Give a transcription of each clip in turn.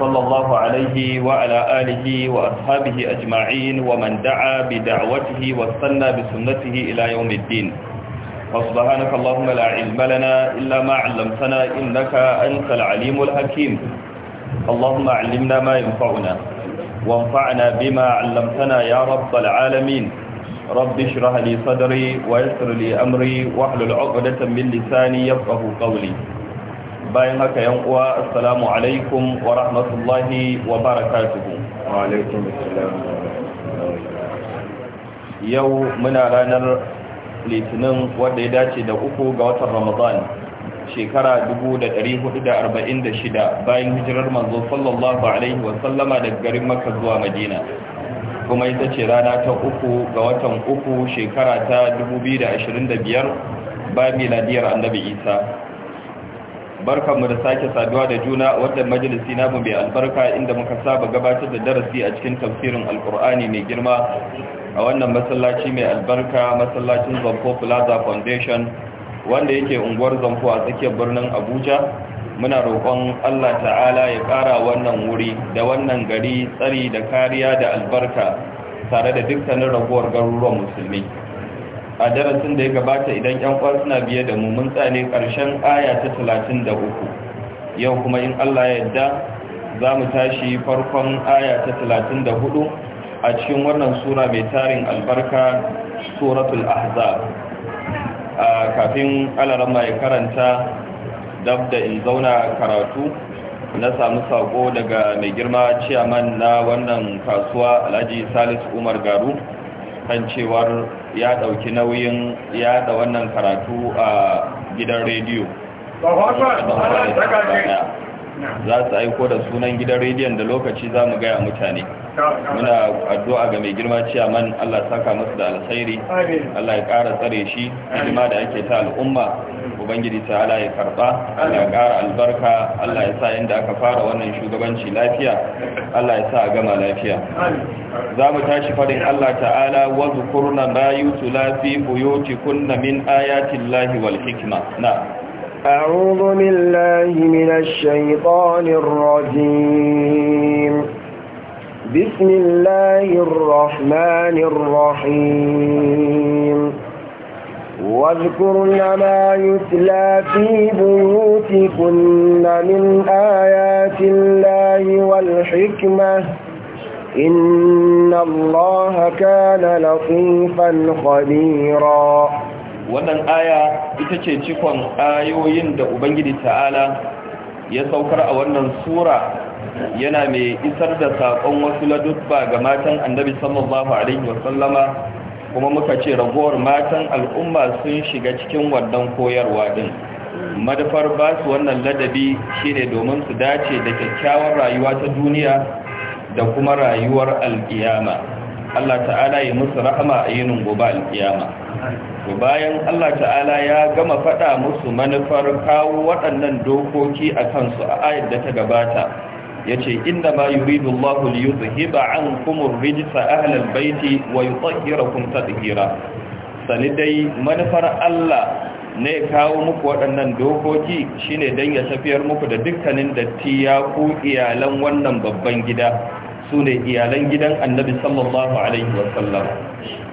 صلى الله عليه وعلى آله وأصحابه أجمعين ومن دعا بدعوته واستنى بسنته إلى يوم الدين فسبحانك اللهم لا علم لنا إلا ما علمتنا إنك أنت العليم الحكيم اللهم علمنا ما ينفعنا وانفعنا بما علمتنا يا رب العالمين رب اشرح لي صدري ويسر لي أمري واحلل عقدة من لساني يفقه قولي bayan haka yan uwa assalamu alaikum wa rahmatullahi wa barakatuhu wa alaikum assalam yau muna ranar litinin wanda ya dace da uku ga watan ramadan shekara 1446 bayan hijirar manzo sallallahu alaihi wa sallama daga garin makka zuwa madina kuma ita ce rana ta uku ga watan uku shekara ta 2025 ba miladiyar annabi isa mu da sake saduwa da juna wadda majalisi mu mai albarka inda muka saba gabatar da darasi a cikin tafsirin alkur'ani mai girma a wannan masallaci mai albarka masallacin zamfo plaza foundation wanda yake unguwar zamfo a tsakiyar birnin abuja muna roƙon allah ta'ala ya ƙara wannan wuri da wannan gari tsari da kariya da albarka tare da dukkanin raguwar garuruwan musulmi a darasin da ya gabata idan yan kwan suna biye da mu mun tsane karshen aya ta 33 yau kuma in Allah ya yarda za mu tashi farkon aya ta 34 a cikin wannan sura mai tarin albarka suratul ahza a kafin alarama ya karanta dab da in zauna karatu na samu sako daga mai girma ciyaman na wannan kasuwa alhaji salis umar garu kan cewar ya dauki nauyin ya da wannan karatu a gidan rediyo za su aiko da sunan gidan rediyon da lokaci za mu gaya mutane muna addu'a ga mai girma man Allah saka masu da alkhairi Allah ya ƙara tsare shi hidima da ake ta al'umma ubangiji ta ala ya karba Allah ya kara albarka Allah ya sa inda aka fara wannan shugabanci lafiya Allah ya sa a gama lafiya za mu tashi faɗin Allah ta'ala wa zukurna ma yutula fi buyutikunna min ayatin lahi wal na أعوذ بالله من الشيطان الرجيم بسم الله الرحمن الرحيم واذكرن ما يتلى في بيوتكن من آيات الله والحكمة إن الله كان لطيفا خبيرا wannan aya ita ce cikon ayoyin da ubangiji ta'ala ya saukar a wannan sura yana mai isar da saƙon wasu ladubba ga matan annabi sallallahu alaihi wasallama kuma muka ce ragowar matan al'umma sun shiga cikin wannan koyarwa din madafar ba su wannan ladabi shine domin su dace da kyakkyawar rayuwa ta duniya da kuma rayuwar alkiyama Allah ta'ala ya musu rahama a yinin gobe alkiyama to bayan Allah ta'ala ya gama faɗa musu manufar kawo waɗannan dokoki a kansu a ayar da ta gabata yace inna ma yuridu Allah li yuzhiba ankum ar-rijsa ahla al-bayti wa yutahhirakum tadhhira sani dai manufar Allah ne kawo muku waɗannan dokoki shine dan ya tafiyar muku da dukkanin datti ya ku iyalan wannan babban gida ne iyalan gidan Annabi sallallahu alaihi wa sallam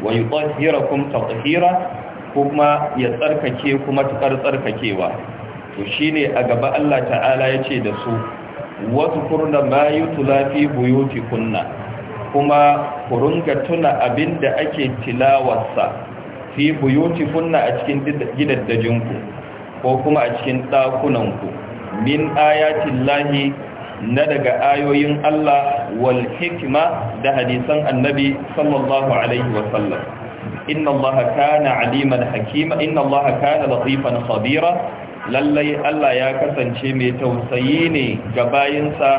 wa yutahhirakum tatheera kuma ya tsarkake kuma tukar tsarkakewa to ne a gaba Allah ta'ala yace da su wasu kurna ma yi tulafi buyuti kunna kuma kurunga tuna abin da ake tilawarsa fi buyuti kunna a cikin gidaddajinku ko kuma a cikin ɗakunanku min ayatin lahi na daga ayoyin Allah wal hikima da hadisan annabi sallallahu alaihi wasallam inna Allah kana aliman hakima inna Allah kana latifan khabira lallai Allah ya kasance mai tausayi ne ga bayinsa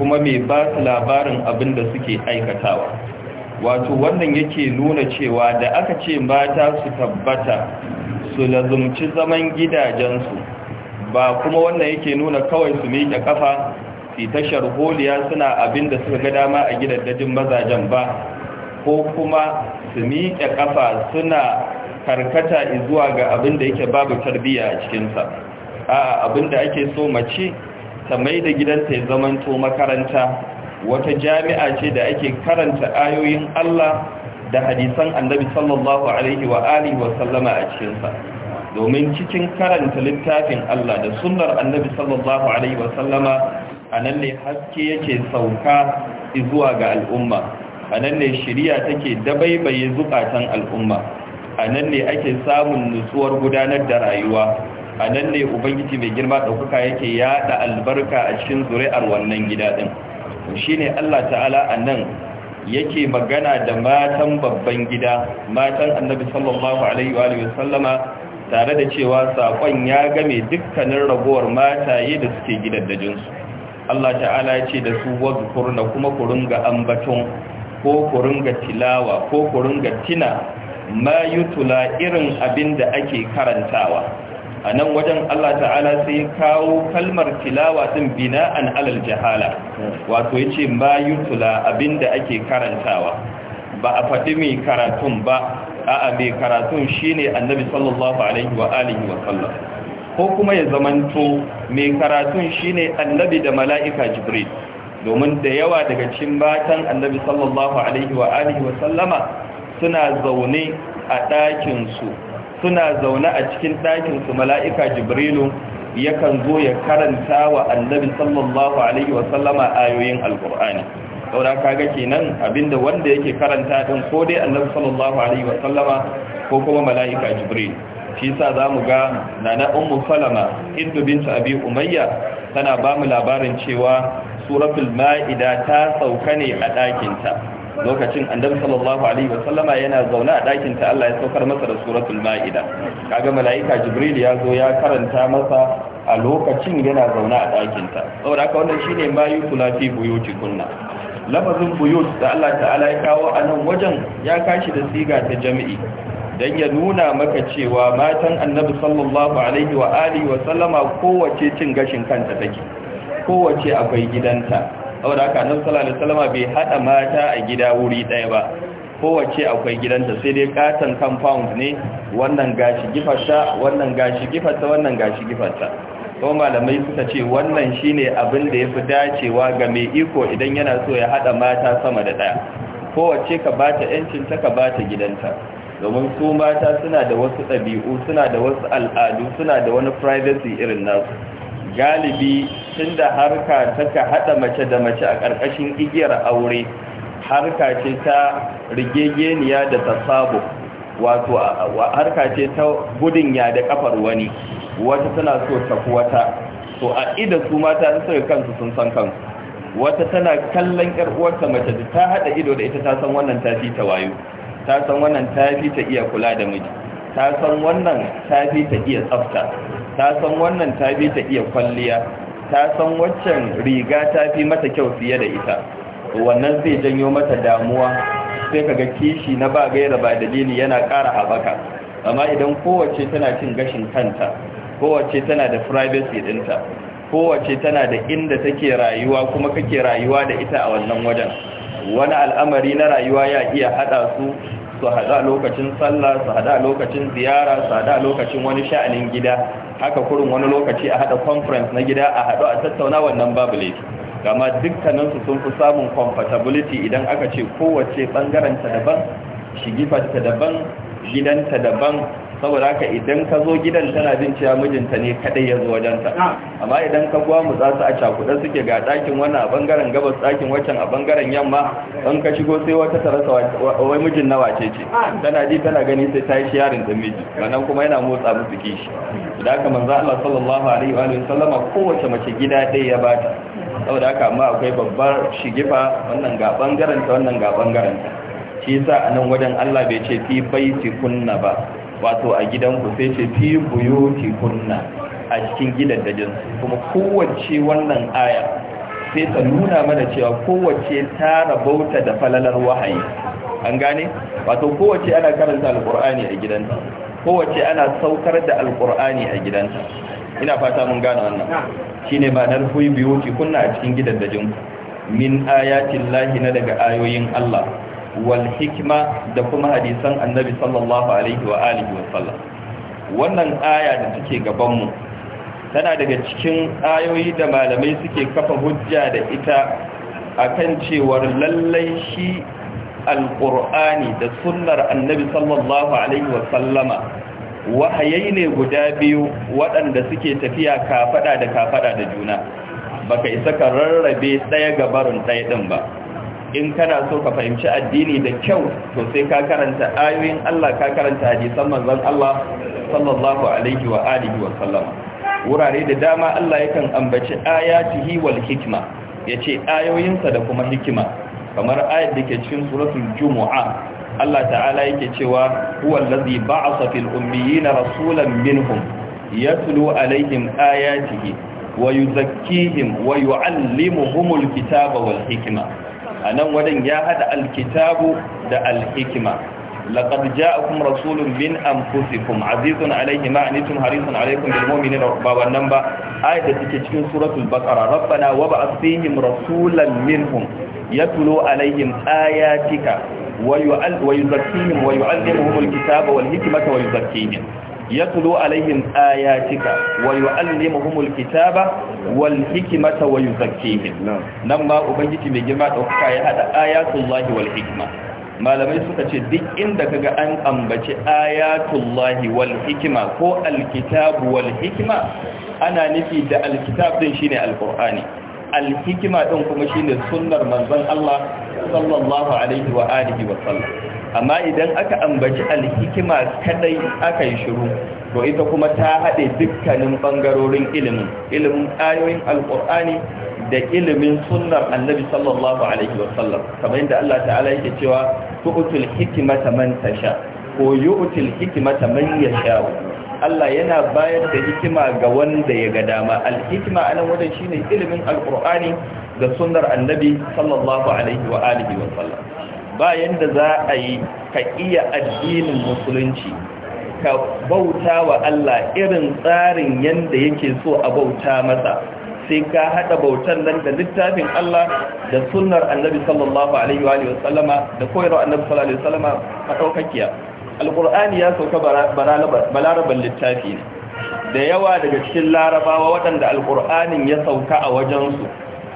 kuma mai ba su labarin abin da suke aikatawa wato wannan yake nuna cewa da aka ce mata su tabbata su lazumci zaman gidajensu ba kuma wannan yake nuna kawai su miƙe kafa su tashar holiya suna abin da suka ga dama a gidajen mazajen ba ko kuma su miƙe kafa suna karkata zuwa ga abin da yake babu tarbiyya a cikinsa A'a abin da ake so mace ta mai da gidanta ya zamanto makaranta wata jami'a ce da ake karanta ayoyin Allah da hadisan annabi sallallahu alaihi wa alihi wa sallama a cikinsa domin cikin karanta littafin Allah da sunnar annabi sallallahu alaihi wa sallama a ne haske yake sauka zuwa ga al'umma a nan ne shari'a take dabaibaye zukatan al'umma a nan ne ake samun nutsuwar gudanar da rayuwa a nan ne ubangiji mai girma ɗaukaka yake yaɗa albarka a cikin zuri'ar wannan gida ɗin shi ne allah ta'ala a nan yake magana da matan babban gida matan annabi sallallahu alaihi wa sallama tare da cewa sakon ya game dukkanin ragowar mataye da suke gidaddajinsu allah ta'ala ya ce da su wadda kurna kuma ku ringa ambaton ko ku ringa tilawa ko ku ringa tina ma yutula irin abin da ake karantawa a nan wajen Allah ta'ala sai kawo kalmar tilawa din bina'an alal jahala wato ya ce ma yutula abin da ake karantawa ba a faɗi mai karatun ba a'a mai karatun shine annabi sallallahu alaihi wa alihi wa sallam ko kuma ya zamanto mai karatun shine annabi da mala'ika jibril domin da yawa daga cikin matan annabi sallallahu alaihi wa alihi wa sallama suna zaune a ɗakinsu suna zaune a cikin ɗakinsu mala'ika jibrilu yakan zo ya karanta wa annabi sallallahu alaihi wasallama ayoyin alkur'ani saura kaga kenan abinda wanda yake karanta din ko dai annabi sallallahu alaihi wasallama ko kuma mala'ika jibril shi yasa zamu ga nana ummu salama hindu bint abi umayya tana ba mu labarin cewa suratul ma'ida ta sauka ne a ɗakinta lokacin annabi sallallahu alaihi wasallama yana zaune a ɗakin ta Allah ya saukar masa da suratul ma'ida kaga mala'ika jibril ya zo ya karanta masa a lokacin yana zaune a ɗakin ta saboda haka wannan shine ma yutula fi kunna. lafazin buyut da Allah ta'ala ya kawo a nan wajen ya kashi da siga ta jami'i dan ya nuna maka cewa matan annabi sallallahu alaihi wa alihi kowace cin gashin kanta take kowace akwai gidanta saboda haka nan sallallahu alaihi wasallama bai hada mata a gida wuri daya ba kowace akwai gidanta sai dai katon compound ne wannan gashi gifarta wannan gashi gifarta wannan gashi gifarta kuma malamai suka ce wannan shine abin da yafi dacewa ga mai iko idan yana so ya hada mata sama da daya kowace ka bata yancin ta ka bata gidanta domin su mata suna da wasu ɗabi'u suna da wasu al'adu suna da wani privacy irin nasu galibi tun da harka taka hada mace da mace a ƙarƙashin igiyar aure harka ce ta rigegeniya da sabo, wato harka ce ta gudun ya da kafar wani wata tana so ta wata to a ida su mata sai kansu sun san kansu wata tana kallon ƴar uwarta mace da ta hada ido da ita ta san wannan ta fi ta wayo ta san wannan ta fi ta iya kula da miji ta san wannan ta fi ta iya tsafta ta san wannan ta bi ta iya kwalliya ta san waccan riga ta fi mata kyau fiye da ita wannan zai janyo mata damuwa sai kaga kishi na ba gaira ba dalili yana ƙara haɓaka amma idan kowace tana cin gashin kanta kowace tana da privacy dinta kowace tana da inda take rayuwa kuma kake rayuwa da ita a wannan wajen wani al'amari na rayuwa ya iya haɗa su su hada lokacin sallah su hada lokacin ziyara su hada lokacin wani sha'anin gida haka kurin wani lokaci a hada conference na gida a hadu a tattauna wannan babu laifi gama dukkaninsu sun fi samun comfortability idan aka ce kowace ta daban ta daban gidan ta daban saboda haka idan ka zo gidan tana jin cewa mijinta ne kadai ya zo wajenta ah. amma idan ka kwa mu su a cakuɗa suke ga ɗakin wannan a bangaren gabas ɗakin waccan a bangaren yamma don ka shigo sai wata ta rasa wai mijin na wace ce ah. tana ji tana gani sai ta yi shiyarin da miji wannan kuma yana motsa musu kishi da haka manzo Allah sallallahu alaihi wa sallama kowace mace gida ɗaya ya bata saboda haka amma akwai babbar shigifa wannan ga bangaren ta wannan ga bangaren ta shi yasa a nan wajen Allah bai ce fi baiti kunna ba wato a gidanku sai ce fi buyuti kunna a cikin jinsu. kuma kowace wannan aya sai ta nuna mana cewa kowace ta rabauta da falalar wahayi an gane wato kowace ana karanta alqur'ani a gidanta kowace ana saukar da alqur'ani a gidanta ina fata mun gane wannan shine ma'anar fi buyuti kunna a cikin gidaddajin min ayatin lahi na daga ayoyin Allah wal hikma da kuma hadisan annabi sallallahu alaihi wa wa sallam wannan aya da take gaban tana daga cikin ayoyi da malamai suke kafa hujja da ita akan cewar lallai shi alqur'ani da sunnar annabi sallallahu alaihi wa sallama ne guda biyu waɗanda suke tafiya kafada da kafada da juna baka isa ka rarrabe ɗaya gabarin ɗaya ɗin ba in kana so ka fahimci addini da kyau to sai ka karanta ayoyin Allah ka karanta hadisan manzon Allah sallallahu alaihi wa alihi wa sallam wurare da dama Allah yakan ambaci ayatihi wal hikma yace ayoyinsa da kuma hikima kamar ayat da ke cikin suratul jumu'a Allah ta'ala yake cewa huwa allazi ba'atha fil ummiyina rasulan minhum yatlu alaihim ayatihi wa yuzakkihim wa yu'allimuhumul kitaba wal hikma a nan wadan ya hada alkitabu da alhikima laqad ja'akum rasulun min anfusikum azizun alaihi ma anitum harisun alaykum bil mu'minina ba wannan ba ayat da take cikin suratul bakara. rabbana wa ba'ath fihim rasulan minhum yatlu alayhim ayatika wa yuzakkihim wa yu'allimuhum alkitaba wal hikmata wa yuzakkihim yatlu alaihim ayatika wa yuallimuhumul kitaba wal hikmata wa yuzakkihim nan ma ubangiji mai girma dauka ya hada ayatullahi wal hikma malamai suka ce duk inda kaga an ambaci ayatullahi wal hikma ko alkitabu wal hikma ana nufi da alkitab din shine alqur'ani alhikima din kuma shine sunnar manzon Allah sallallahu alaihi wa alihi wa sallam amma idan aka ambaci alhikima kadai aka yi shiru to ita kuma ta haɗe dukkanin ɓangarorin ilimin ilimin ayoyin alƙur'ani da ilimin sunnar annabi sallallahu alaihi wasallam kamar yadda Allah ta'ala yake cewa tu'tul hikmata man tasha ko yu'til hikmata man yasha Allah yana bayar da hikima ga wanda ya ga dama alhikima anan wajen shine ilimin alqur'ani da sunnar annabi sallallahu alaihi wa alihi wa sallam ba yadda za a yi ka iya addinin musulunci ka bauta wa Allah irin tsarin yanda yake so a bauta masa sai ka haɗa bautar nan da littafin Allah da sunar annabi sallallahu alaihi wa sallama da koyarwa annabi sallallahu alaihi wa a ɗaukakiya ya sauka balaraban littafi ne da yawa daga cikin larabawa waɗanda alƙur'anin ya sauka a wajensu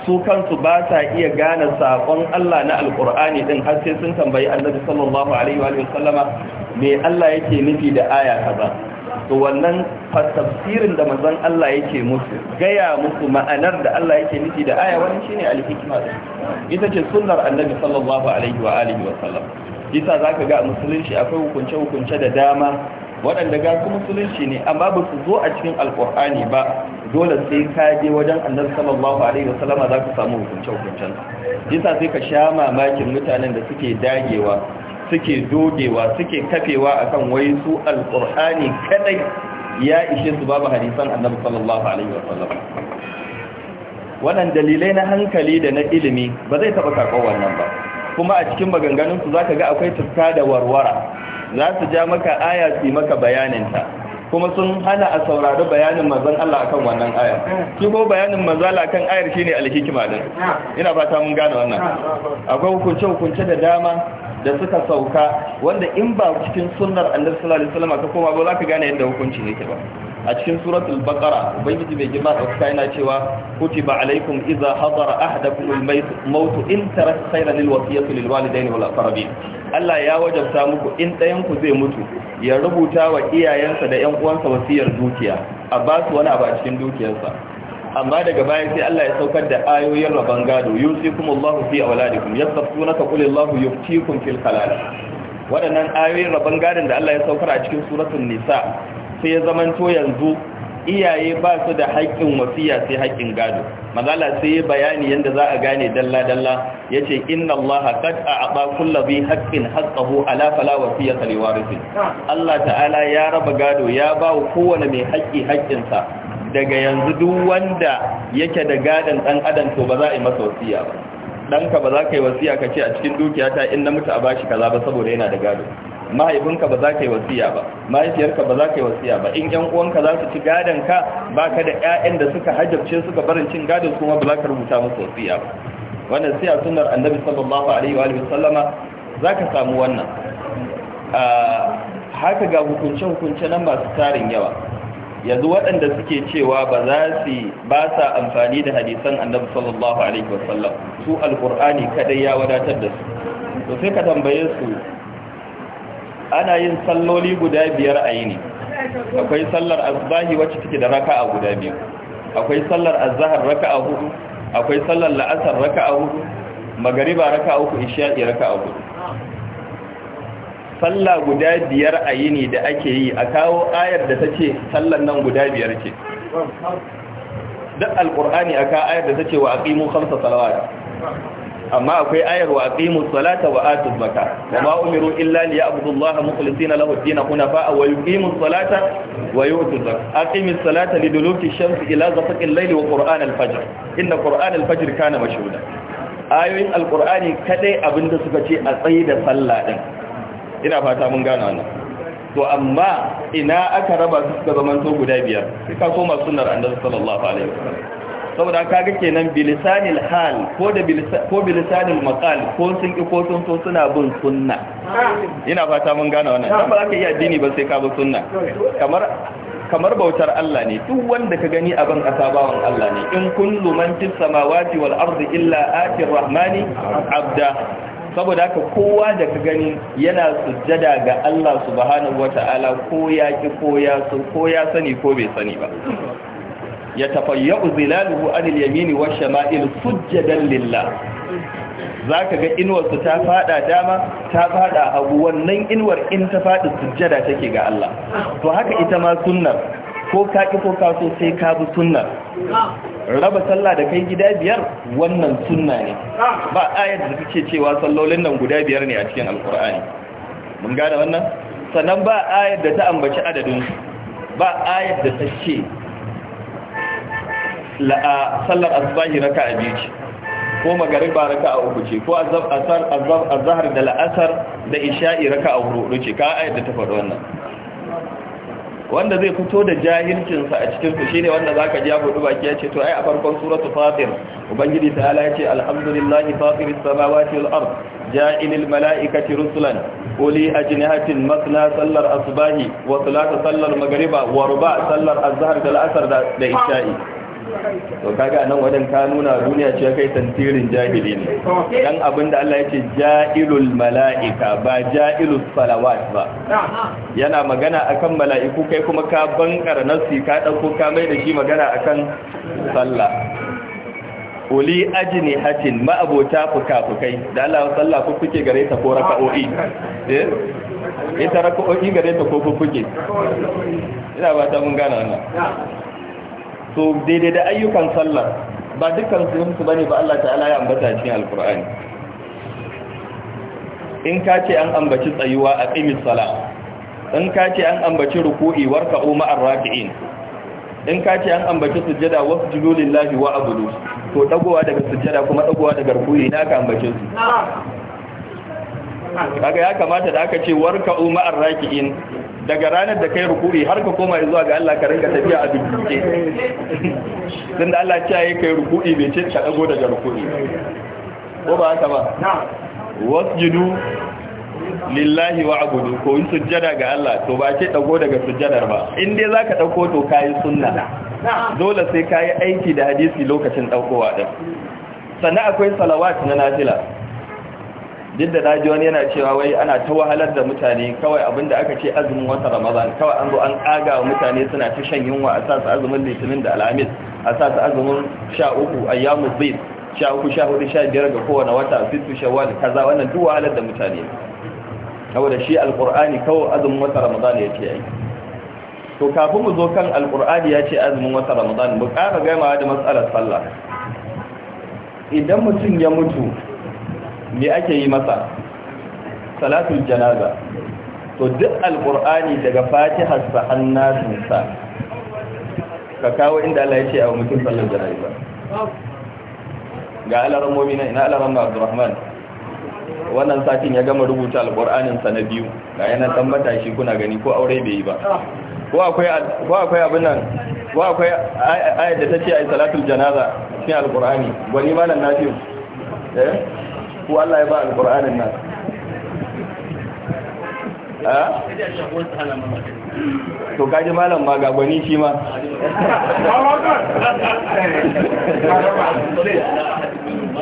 su kansu ba sa iya gane sakon Allah na alkur'ani din har sai sun tambayi annabi sallallahu alaihi wa sallama me Allah yake nufi da aya kaza to wannan tafsirin da manzon Allah yake musu gaya musu ma'anar da Allah yake nufi da aya wani shine al-hikma ita ce sunnar annabi sallallahu alaihi wa alihi wa sallam yasa zaka ga musulunci akwai hukunce hukunce da dama waɗanda ga kuma musulunci ne amma ba su zo a cikin Alƙur'ani ba dole sai ka je wajen annabi sallallahu alaihi wasallam za ka samu hukunci hukuncen yasa sai ka sha mamakin mutanen da suke dagewa suke dogewa suke kafewa akan wai su Alƙur'ani kadai ya ishe su babu hadisan annabi sallallahu alaihi wasallam wannan dalilai na hankali da na ilimi ba zai taɓa karɓar wannan ba kuma a cikin maganganunsu za ka ga akwai tufka da warwara za su ja maka aya su maka bayaninta kuma sun hana a saurari bayanin manzon Allah akan wannan aya. shi ko bayanin manzon Allah akan ayar shine alhikima din ina fata mun gane wannan akwai hukunce hukunce da dama da suka sauka wanda in ba cikin sunnar annabi sallallahu alaihi wasallam ka koma ba za ka gane yadda hukunci yake ba a cikin suratul baqara ubangiji bai da kai na cewa kutiba alaikum idza hadara ahadakum almayt maut in taraka khayran lilwasiyati lilwalidayni lil wal aqrabin Allah ya wajabta muku in ɗayan ku zai mutu ya rubuta wa iyayensa da ƴan uwansa wasiyar dukiya a ba su wani abu a cikin dukiyarsa amma daga baya sai Allah ya saukar da ayoyin rabon gado Allah fi auladikum yasaftunaka qulillahu yuftikum fil halal waɗannan ayoyin rabon gadon da Allah ya saukar a cikin suratun nisa sai ya zamanto yanzu iyaye ba su da haƙƙin wasiya sai haƙƙin gado mazala sai bayani yadda za a gane dalla-dalla ya ce inna allaha qad a'ata kulli bi haqqin haqqahu ala fala wasiyata li warithin Allah ta'ala ya raba gado ya ba kowane mai haƙƙi haƙƙinsa daga yanzu duk wanda yake da gadon ɗan adam to ba za a yi masa wasiya ba Ɗanka ba za ka yi wasiya ka ce a cikin dukiyata in na mutu a bashi kaza ba saboda yana da gado mahaifinka ba za ka yi wasiya ba mahaifiyarka ba za ka yi wasiya ba in yan uwanka za su ci gadon ka baka da ƴaƴan da suka hajabce suka barin cin gadon kuma ba za ka rubuta musu wasiya ba wannan sai a sunnar annabi sallallahu alaihi wa sallama za ka samu wannan haka ga hukunce-hukunce nan masu tarin yawa yanzu waɗanda suke cewa ba za su ba sa amfani da hadisan annabi sallallahu alaihi wasallam su alkur'ani kadai ya wadatar da su to sai ka tambaye su ana yin salloli guda biyar a yini akwai sallar azbahi wacce take da raka'a guda biyu akwai sallar azhar raka'a hudu akwai sallar la'asar raka'a hudu magariba raka'a uku isha'i raka'a hudu sallah guda biyar a yini da ake yi a kawo ayar da tace sallan nan guda biyar ce duk alqur'ani aka ayar da tace wa aqimu khamsa salawat amma akwai ayar wa aqimu salata wa atu zakata wa ma umiru illa li ya'budu Allah mukhlisina lahu ad-din hunafa wa yuqimu salata wa yu'tu zakata aqimi salata li duluki ash-shams ila ghasaqi al-layl wa qur'an al-fajr inna qur'an al-fajr kana mashhuda ayoyin al-qur'ani kadai abinda suka ce a tsayi da sallah din ina fata mun gane wannan to amma ina aka raba su suka zaman to guda biyar sai ka koma sunnar annabi sallallahu alaihi wasallam saboda kaga kenan bilisanil hal ko da ko bilisanil maqal ko sun ki ko sun so suna bin sunna ina fata mun gane wannan dan ba za ka addini ba sai ka bi sunna kamar kamar bautar Allah ne duk wanda ka gani a asabawan bawan Allah ne in kullu man fis samawati wal ardi illa atir rahmani abda saboda haka kowa da ka gani yana sujjada ga Allah subhanahu wata'ala ko ya ki ko ya sani ko bai sani ba Ya yatafayyu zilaluhu anil yamini wa shama'il sujjadan lillah zaka ga inuwar ta fada dama ta fada hagu wannan inuwar in ta fadi sujjada take ga Allah to haka ita ma sunnar ko ka ki ko ka so sai ka bi sunnar raba sallah da kai gida biyar wannan sunna ne ba ayar da take cewa sallolin nan guda biyar ne a cikin alkur'ani mun gane wannan sannan ba ayar da ta ambaci adadin ba ayar da ta ce sallar asbahi raka a biyu ce ko magariba raka a uku ce ko azahar da la'asar da isha'i raka a hudu ce ka ayar da ta faɗi wannan wanda zai fito da jahilcinsa a cikin su shine wanda zaka ji abu baki ya ce to ai a farkon suratul fatir ubangiji ta'ala ya ce alhamdulillahi fatiris samawati wal ard ja'ilil malaikati rusulan uli ajnihatin masna sallar asbahi wa salata sallar magriba wa ruba sallar azhar da al'asr da isha'i to kaga nan wajen ka nuna duniya ce kai tantirin jahili ne dan abinda Allah yake ja'ilul mala'ika ba ja'ilus salawat ba yana magana akan mala'iku kai kuma ka bankara nafsi ka dauko ka mai da shi magana akan sallah uli ne hatin ma'abota fuka-fukai da Allah sallah kuke gare ta ko raka'o'i eh ita raka'o'i gare ta ko kuke ina ba ta mun gana wannan so daidai da ayyukan sallar ba dukkan su su bane ba Allah ta'ala ya ambata cikin alkur'ani in ka ce an ambaci tsayuwa a qimis sala in ka ce an ambaci ruku'i warka ma'ar raki'in in ka ce an ambaci sujjada wasjudu lillahi wa abudu to dagowa daga sujjada kuma dagowa daga ruku'i na ka ambace su kaga ya kamata da aka ce warka'u ma'ar raki'in daga ranar da kai rukuri har ka koma zuwa ga Allah ka rinka tafiya a dubbuke tun da Allah ya kai rukuri bai ce ka dago daga rukuri ko ba haka ba wasjudu lillahi wa abudu ko yin sujjada ga Allah to ba ce dago daga sujjadar ba in dai zaka dauko to kai sunna dole sai kai aiki da hadisi lokacin daukowa din sannan akwai salawat na nafila duk da ji wani yana cewa wai ana ta wahalar da mutane kawai abinda aka ce azumin wata ramadan kawai an zo an kaga mutane suna ta shan yunwa a sa su azumin litinin da alhamis a sa su azumin sha uku a yamu sha uku sha hudu sha biyar ga kowane wata fitu shawwal kaza wannan duk wahalar da mutane saboda shi alqur'ani kawai azumin wata ramadan ya ce ai to kafin mu zo kan alqur'ani ya ce azumin wata ramadan mu ƙara gaimawa da matsalar sallah idan mutum ya mutu me ake yi masa salatul janaza to duk alqur'ani daga Fatiha sa hannasin sa ka kawo inda Allah ya ce a mutum sallar janaza ga alaran mu'mina ina alaramma abdurrahman wannan satin ya gama rubuta alqur'anin sa na biyu ga yana tambata matashi kuna gani ko aure bai yi ba ko akwai abin nan ko akwai ayat da ta ce a yi salatul janaza cikin alƙur'ani gwani malam nafiyu eh ko Allah ya ba alƙur'anin nan to kaji malam ma ga gwani shi ma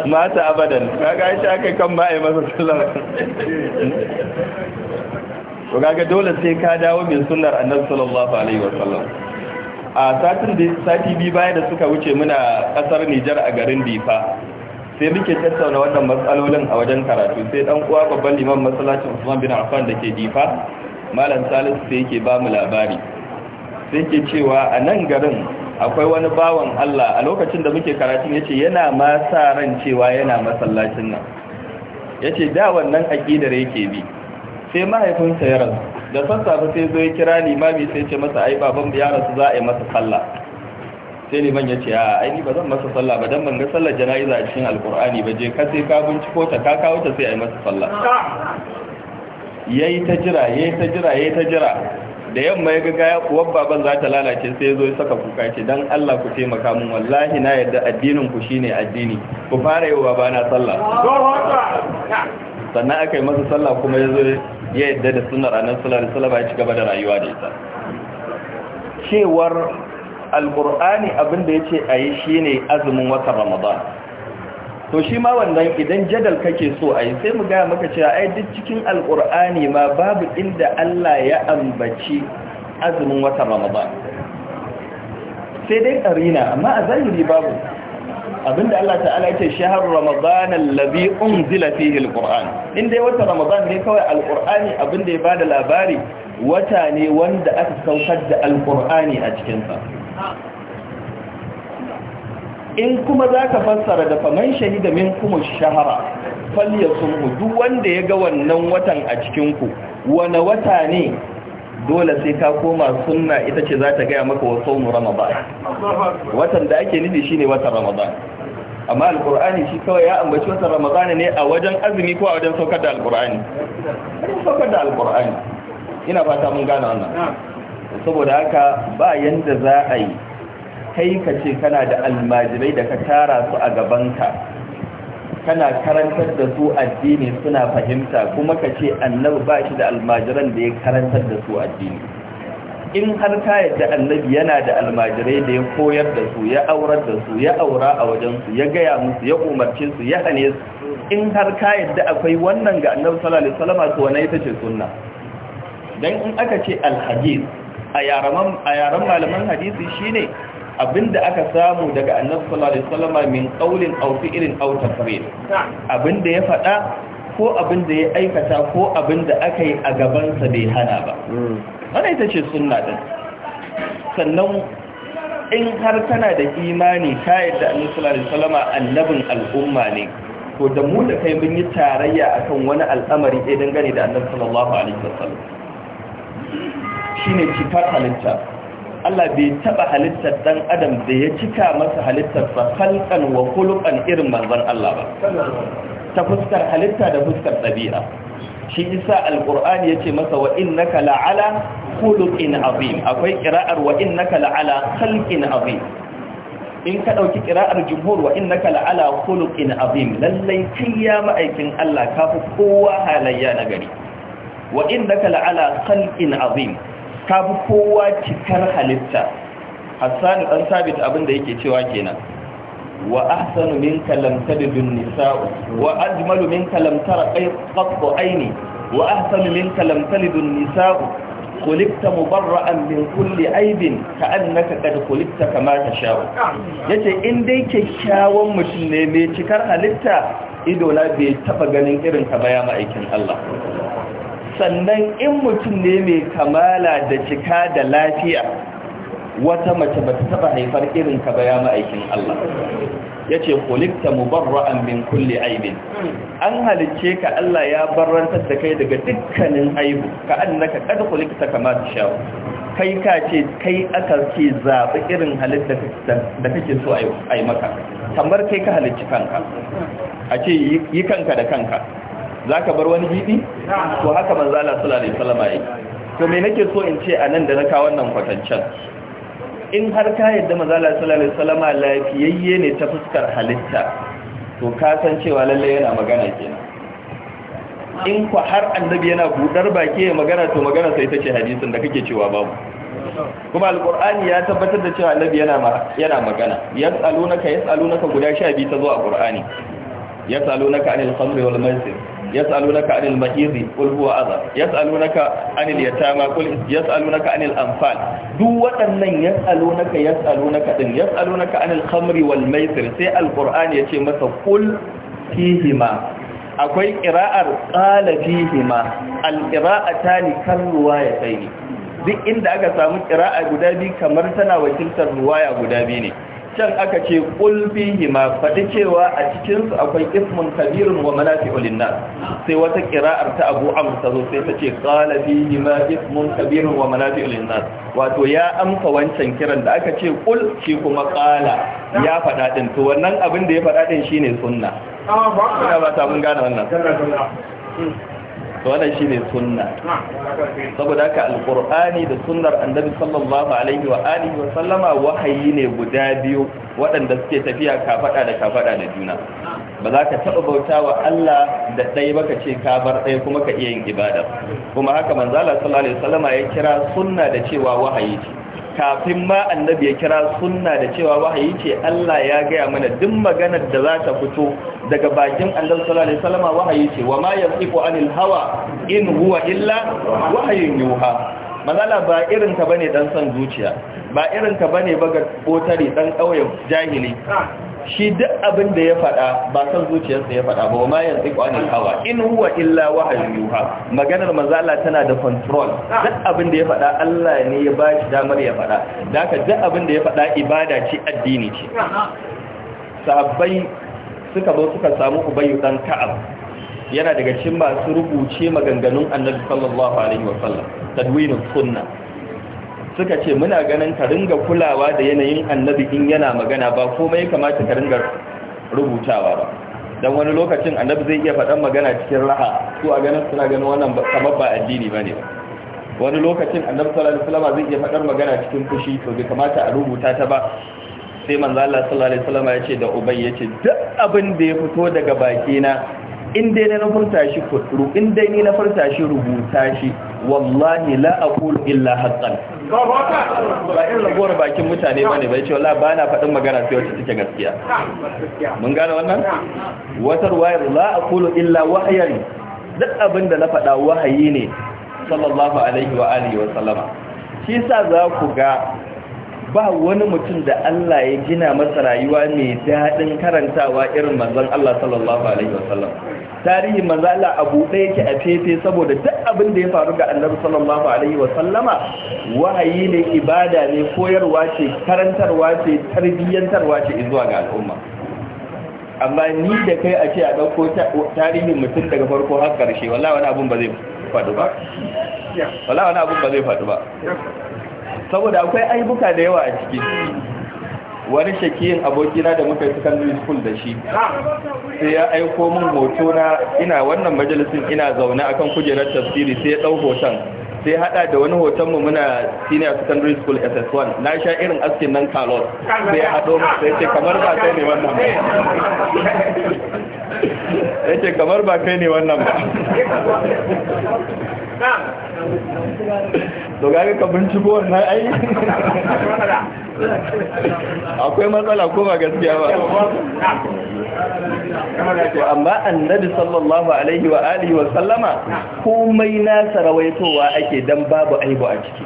mata abadan kaga shi aka kan ba a yi masa sallama to kaga dole sai ka dawo min sunnar annabi sallallahu alaihi wasallam a satin da sati biyu baya da suka wuce muna kasar Nijar a garin Difa sai muke tattauna wannan matsalolin a wajen karatu sai dan uwa babban liman masallacin Usman bin Affan dake Difa Malam Salisu sai yake ba mu labari sai yake cewa a nan garin akwai wani bawan Allah a lokacin da muke karatu yace yana ma sa ran cewa yana masallacin nan yace da wannan aqidar yake bi sai mahaifinsa ya rasu da sassafe sai zo ya kira limami sai ce masa ai baban ya rasu za a yi masa sallah sai man ya ce a aini ba zan masa sallah ba dan ban ga sallar jana'iza a cikin alkur'ani ba je ka sai ka binciko ta ka kawo ta sai ai masa sallah yayi ta jira yayi ta jira yayi ta jira da yamma ya ga gaya kuwa baban za ta lalace sai ya zo ya saka kuka ce dan Allah ku taimaka mun wallahi na yadda addinin ku shine addini ku fara yi wa bana sallah sannan aka yi masa sallah kuma ya zo ya yadda da sunnar annabi sallallahu alaihi wasallam ya ci gaba da rayuwa da ita cewar alkur'ani abinda ya ce a yi shi ne azumin wata ramadan to shi ma wannan idan jadal kake so a yi sai mu gaya maka cewa ai duk cikin Alƙur'ani ma babu inda allah ya ambaci azumin wata ramadan sai dai ƙarina amma a zahiri babu abinda Allah ta'ala ya ce shahar ramadan allazi unzila fihi Alƙur'an. in dai wata ramadan ne kawai alqurani abinda ya bada labari wata ne wanda aka saukar da Alƙur'ani a cikinsa. sa in kuma za ka fassara da faman shahida min kuma shahara falliya sun duk wanda ya ga wannan watan a cikinku wane wata ne dole sai ka koma sunna ita ce za ta gaya maka wasu mu ramadan watan da ake nufi shine watan ramadan amma alkur'ani shi kawai ya ambaci watan ramadan ne a wajen azumi ko a wajen saukar da saukar da alkur'ani ina fata mun gane wannan saboda haka ba yanda za a yi kai ka ce kana da almajirai da ka tara su a gabanka kana karantar da su addini suna fahimta kuma ka ce annabi ba shi da almajiran da ya karantar da su addini in har ka yadda annabi yana da almajirai da ya koyar da su ya aurar da su ya aura a wajensu ya gaya musu ya umarce su ya hane su in har ka yadda akwai wannan ga annabi sallallahu alaihi wasallam to wannan ita ce sunna dan in aka ce alhadith a yaran malaman hadisi shine abinda aka samu daga annabi sallallahu alaihi wasallama min qaulin aw fi'lin aw tafrir abinda ya fada ko abinda ya aikata ko abinda aka yi a gaban sa bai hana ba hmm. wannan ita ce sunna din sannan in har kana da imani ta yadda annabi sallallahu alaihi wasallama annabin al'umma ne to da mu da kai mun yi tarayya akan wani al'amari idan gane da annabi sallallahu alaihi wasallam shine cikar halitta Allah bai taba halittar dan adam da ya cika masa halittar sa halkan wa khuluqan irin manzon Allah ba ta fuskar halitta da fuskar dabi'a shi isa alqur'ani yace masa wa innaka la'ala khuluqin azim akwai qira'ar wa innaka la'ala khalqin azim in ka ɗauki ƙira'ar jumhur wa in naka la'ala khuluqin azim lallai kai ya ma'aikin Allah ka fi kowa halayya na gari wa in naka la'ala khalqin azim ta fi kowa cikar halitta hassanu ɗan sabit abin da yake cewa kenan wa ahsanu min kalam tadidun nisa'u wa ajmalu min kalam tara qattu ayni wa ahsanu min kalam talidun nisa'u kulikta mubarra'an min kulli aibin annaka kad kulikta kama tasha'u yace in dai kyakkyawan mutum ne mai cikar halitta ido na bai taba ganin irin ka ba ya ma'aikin Allah sannan in mutum ne mai kamala da cika da lafiya wata mace ba ta taba haifar irin ka ba ya ma'aikin Allah ya ce kulikta mubarra'an min kulle aibin an halicce ka Allah ya barrantar da kai daga dukkanin aibu ka naka kad kulikta kama tashaw kai ka ce kai aka ce zaɓi irin halitta da kake so a yi maka tambar kai ka halicci kanka a ce yi kanka da kanka za ka bar wani gidi to haka manzo Allah sallallahu alaihi wasallam yayi to me nake so in ce anan da na kawo wannan kwatancan in har ka yadda manzo Allah sallallahu alaihi wasallam lafiyayye ne ta fuskar halitta to ka san cewa lalle yana magana kenan in ku har annabi yana budar baki ya magana to magana sai ta ce hadisin da kake cewa babu kuma alqur'ani ya tabbatar da cewa annabi yana yana magana yas'alunaka yas'alunaka guda 12 ta zo a qur'ani yas'alunaka anil khamri wal maisir yas'alunaka anil mahidi qul huwa adha yas'alunaka anil yatama qul yas'alunaka anil anfal duk waɗannan yas'alunaka yas'alunaka din yas'alunaka anil khamri wal maisir sai alqur'ani yace masa qul fihima akwai qira'ar qala fihima alqira'atani kan ruwayataini duk inda aka samu qira'a guda biyu kamar tana wakiltar ruwaya guda biyu ne can aka ce ƙulfi hima faɗi cewa a cikinsu akwai ismin kabirin wa manafi olinna sai wata ƙira'ar ta abu amsa zo sai ta ce ƙala bihi hima ismin kabirin wa manafi olinna wato ya amsa wancan kiran da aka ce ƙul shi kuma ƙala ya faɗa ɗin to wannan abin da ya faɗa ɗin shi ne sunna ba ta mun gane wannan to shi ne sunna saboda haka alkur'ani da sunnar annabi sallallahu alaihi wa alihi wa sallama wahayi ne guda biyu waɗanda suke tafiya kafada da kafada da juna ba za ka taɓa bautawa Allah da ɗaya ba ka ce ka bar ɗaya kuma ka iya yin ibada kuma haka manzala sallallahu alaihi wasallama ya kira sunna da cewa wahayi ce kafin ma annabi ya kira sunna da cewa wahayi ce Allah ya gaya mana duk maganar da za ta fito daga bakin annabi sallallahu alaihi wasallam wahayi ce wa ma yaqifu anil hawa in huwa illa wahayin yuha mazala ba irin ka bane dan san zuciya ba irin ka bane ba ga kotari dan kauye jahili shi duk abin da ya faɗa ba san zuciyarsa ya faɗa ba wa ma yanzu kwanin hawa in huwa illa wahayi yuha maganar mazala tana da control duk abin da ya faɗa Allah ne ya ba shi damar ya faɗa da haka duk abin da ya faɗa ibada ce addini ce Sabbai suka zo suka samu ubayyu dan ka'ab yana daga cikin masu rubuce maganganun annabi sallallahu alaihi wasallam tadwinus sunnah suka ce muna ganin ka ringa kulawa da yanayin annabi in yana magana ba komai kamata ka ringa rubutawa ba don wani lokacin annabi zai iya faɗan magana cikin raha su a ganin suna ganin wannan kamar ba addini ba ne wani lokacin annabi sallallahu alaihi wasallam zai iya faɗar magana cikin fushi to bai kamata a rubuta ta ba sai manzo Allah sallallahu alaihi wasallam ya ce da ubay ya ce duk abin da ya fito daga na in dai na furta shi kuturu in dai ni na furta shi rubuta shi wallahi la aqulu illa haqqan ba irin ragowar bakin mutane ba ne bai ce wala ba na faɗin magana sai wacce take gaskiya mun gane wannan watar wayar la aqulu illa wahyan duk abin da na faɗa wahayi ne sallallahu alaihi wa alihi wa sallama shi sa za ku ga ba wani mutum da Allah ya gina masa rayuwa mai daɗin karantawa irin manzon Allah sallallahu alaihi wa sallama tarihin manzo Allah abu ɗaya yake a fefe saboda duk abin da ya faru ga Annabi sallallahu alaihi wa sallama wahayi ne ibada ne koyarwa ce karantarwa ce tarbiyyantarwa ce zuwa ga al'umma amma ni da kai a ce a ɗauko tarihin mutum daga farko har ƙarshe wallahi wani abun ba zai faɗu ba wallahi wani abun ba zai faɗu ba saboda akwai aibuka da yawa a ciki wani shakiyin abokina da muka yi secondary school da shi sai ya aiko min hoto na ina wannan majalisin ina zaune akan kujerar tafsiri sai ya dau hoton sai hada da wani hoton mu muna senior secondary school SS1 na sha irin askin nan kalot sai ya hado sai ce kamar ba kai ne wannan ba sai ce kamar ba kai ne wannan ba to ka binciko wannan ai akwai matsala ko ba gaskiya ba amma annabi sallallahu alaihi wa alihi wa sallama komai nasa rawaitowa ake dan babu aibu a ciki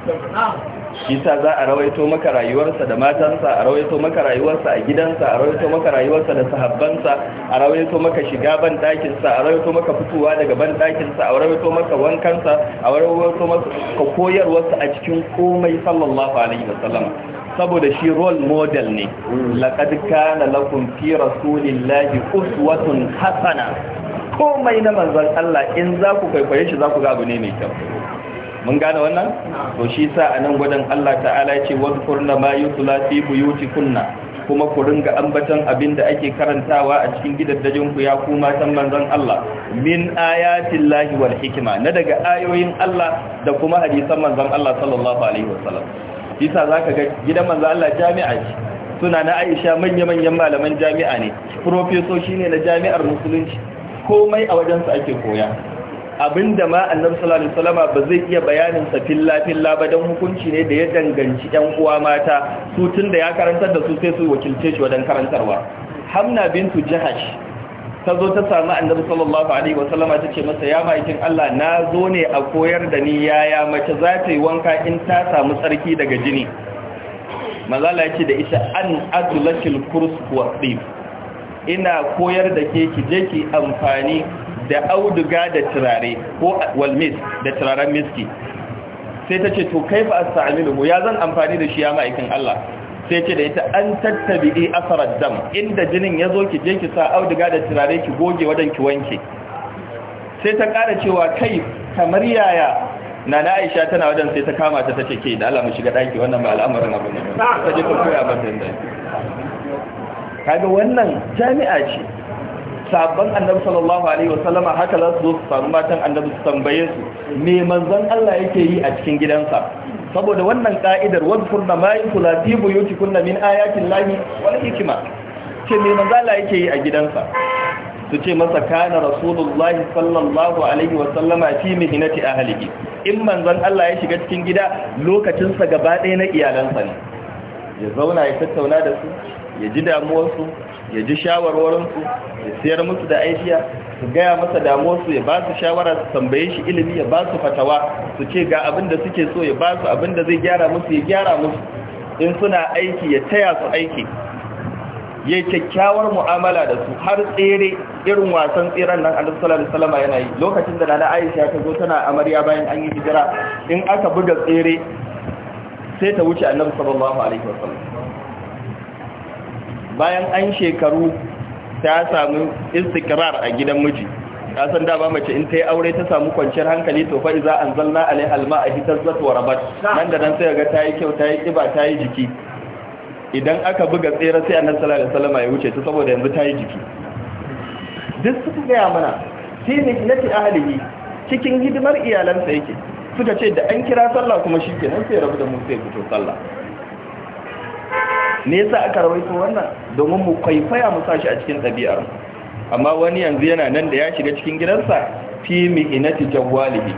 shi sa za a rawaito maka rayuwarsa da matansa a rawaito maka rayuwarsa a gidansa a rawaito maka rayuwarsa da sahabbansa a rawaito maka shiga ban dakinsa a rawaito maka fitowa daga ban dakinsa a rawaito maka wankansa a rawaito maka koyarwarsa a cikin komai sallallahu alaihi wasallam saboda shi role model ne mm. laqad kana lakum fi rasulillahi uswatun hasana komai na manzon Allah in za ku kwaikwaye shi za ku ga abu ne mai kyau mun gane wannan to shi sa a nan gwadon Allah ta'ala ya ce wadkurna ma yutla fi buyutikunna kuma ku ringa ambaton abin da ake karantawa a cikin ku ya ku matan manzon Allah min ayatin lahi wal hikima na daga ayoyin Allah da kuma hadisan manzon Allah sallallahu alaihi wasallam isa zaka ga gidan manzon Allah jami'a ce suna na Aisha manya-manyan malaman jami'a ne profesoshi ne na jami'ar musulunci komai a wajensu ake koya abinda ma annabi sallallahu alaihi wasallama ba zai iya bayanin sa filla filla ba dan hukunci ne da ya danganci ɗan uwa mata su tunda ya karantar da su sai su wakilce shi wajen karantarwa Hamna bintu Jahash ta zo ta samu annabi sallallahu alaihi wasallama ta ce masa ya maikin Allah na zo ne a koyar da ni yaya mace za ta yi wanka in ta samu tsarki daga jini mazala ya da ita an azulatil kurs wa ina koyar da ke ki je ki amfani da auduga da turare ko walmis da turaren miski sai ta ce to kai ba a mu ya zan amfani da shi ya ma'aikin Allah sai ce da ita an a asarar dam inda jinin ya zo ki je ki sa auduga da turare ki goge wajen ki wanke sai ta kara cewa kai kamar yaya na na aisha tana wajen sai ta kama ta tace ke da Allah mu shiga daki wannan ba al'amarin abu ne ta je ta koya ba dai. kaga wannan jami'a ce sabon annabi sallallahu alaihi wasallama haka za su zo su samu matan annabi su tambaye su me manzon Allah yake yi a cikin gidansa saboda wannan ka'idar wa furna ma yusula fi buyutikum min ayatin llahi wal hikma ce me manzon Allah yake yi a gidansa su ce masa kana rasulullahi sallallahu alaihi wasallama fi mihnati ahlihi in manzon Allah ya shiga cikin gida lokacin sa gaba ɗaya na iyalansa ne ya zauna ya tattauna da su ya ji damuwarsu ya ji shawarwarinsu ya siyar musu da aidiya su gaya masa damuwarsu ya ba su shawara su tambaye shi ilimi ya ba su fatawa su ce ga abin da suke so ya ba su abin da zai gyara musu ya gyara musu in suna aiki ya taya su aiki ya kyakkyawar mu'amala da su har tsere irin wasan tseren nan annabi sallallahu alaihi yana yi lokacin da nana Aisha ta zo tana amarya bayan an yi hijira in aka buga tsere sai ta wuce annabi sallallahu alaihi wasallam bayan an shekaru ta samu istikrar a gidan miji ka san da ba mace in ta yi aure ta samu kwanciyar hankali to fa iza anzalna alai alma a hitazzat wa rabat nan da nan sai ga ta yi kyau ta yi kiba ta yi jiki idan aka buga tsere sai annabi sallallahu alaihi wasallam ya wuce ta saboda yanzu ta yi jiki duk suka gaya mana shi ne nake ahalihi cikin hidimar iyalansa yake suka ce da an kira sallah kuma shi ke nan sai rabu da mu sai fito sallah me yasa aka rawaito wannan domin mu kwaifaya mu sashi a cikin ɗabi'ar amma wani yanzu yana nan da ya shiga cikin gidansa fi mihinati jawwalihi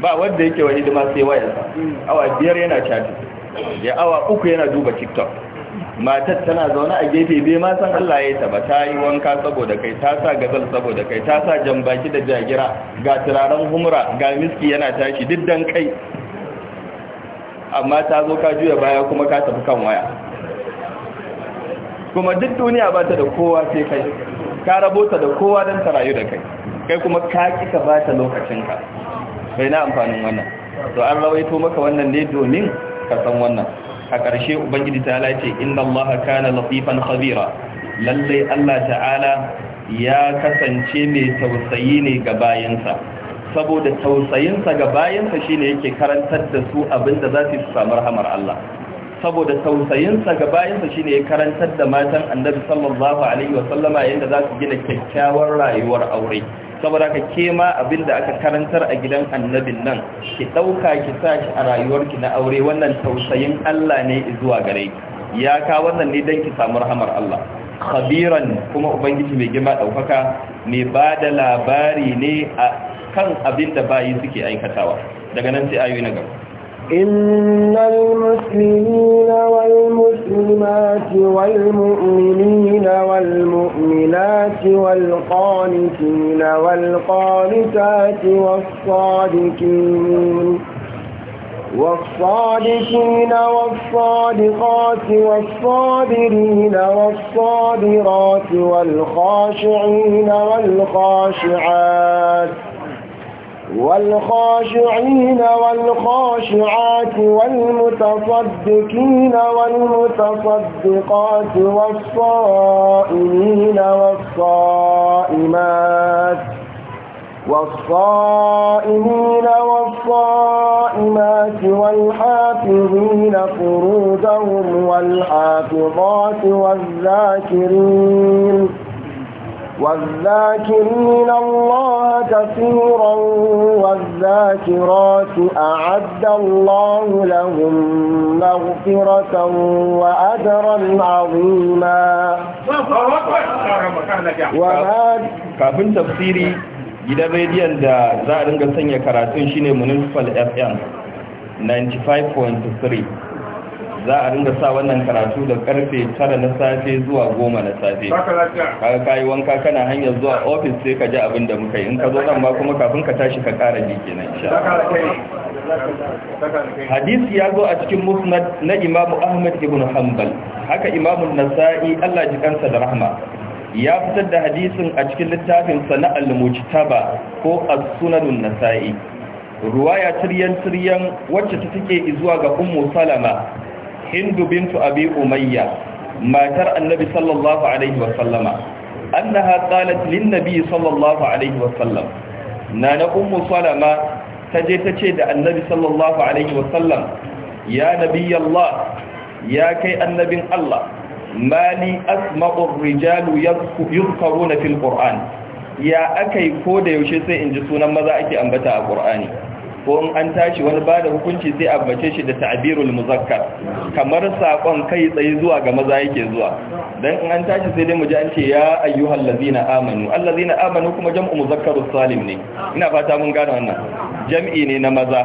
ba wanda yake da hidima sai wayarsa awa biyar yana chat ya awa uku yana duba tiktok matar tana zaune a gefe bai ma san Allah ya ta ba ta yi wanka saboda kai ta sa gazal saboda kai ta sa baki da jagira ga turaren humra ga miski yana tashi diddan kai amma ta zo ka juya baya kuma ka tafi kan waya kuma duk duniya ba ta da kowa sai kai ka rabota da kowa don ta rayu da kai kai kuma ka kika ba ta lokacinka bai na amfanin wannan to an rawaito maka wannan ne domin ka san wannan a ƙarshe ubangiji ta ce, inna Allah kana latifan khabira lallai Allah ta'ala ya kasance mai tausayi ne ga bayansa saboda tausayinsa ga bayansa shine yake karantar da su abinda za su samu rahamar Allah saboda tausayinsa ga bayansa shine ya karantar da matan annabi sallallahu alaihi sallama, yadda za su gina kyakkyawar rayuwar aure saboda ka kema da aka karantar a gidan annabin nan ki ɗauka ki sa shi a rayuwarki na aure wannan tausayin Allah ne zuwa gare ki ya ka wannan ne dan ki samu rahamar Allah khabiran kuma ubangiji mai girma ɗaukaka, mai bada labari ne a kan abinda bayi suke aikatawa daga nan sai ayoyi na gaba إن المسلمين والمسلمات والمؤمنين والمؤمنات والقانتين والقانتات والصادقين والصادقين والصادقات والصابرين والصابرات والخاشعين والخاشعات والخاشعين والخاشعات والمتصدقين والمتصدقات والصائمين والصائمات والصائمين والصائمات والحافظين فروجهم والحافظات والذاكرين والذاكرين الله كثيرا والذاكرات أعد الله لهم مغفرة وأجرا عظيما kafin tafsiri gida rediyon da za a dinga sanya karatun shine municipal fm 95.3 za a ringa sa wannan karatu da karfe tara na safe zuwa goma na safe kaga kayi wanka kana hanyar zuwa ofis sai ka ji abin da muka yi in ka zo nan ba kuma kafin ka tashi ka kara ji kenan insha hadisi ya zo a cikin musnad na Imam ahmad ibn hanbal haka an nasa'i Allah ji kansa da rahma ya fitar da hadisin a cikin littafin sana al-mujtaba ko as-sunanun nasa'i ruwaya tiryan tiryan wacce ta take zuwa ga ummu salama hindu bintu abi umayya matar annabi sallallahu alaihi wa sallama annaha qalat lin nabi sallallahu alaihi wa sallam nana ummu salama taje tace da annabi sallallahu alaihi wa sallam ya nabi ya kai annabin allah mali asma'ur rijalu yadhkuruna fil qur'an ya akai ko da yaushe sai in ji sunan maza ake ambata a qur'ani ko in an tashi wani ba da hukunci sai ambace shi da ta'birul muzakkar kamar sakon kai tsaye zuwa ga maza yake zuwa dan in an tashi sai dai mu ji an ce ya ayyuhal ladina amanu allazina amanu kuma jam'u muzakkarus salim ne ina fata mun gane wannan jam'i ne na maza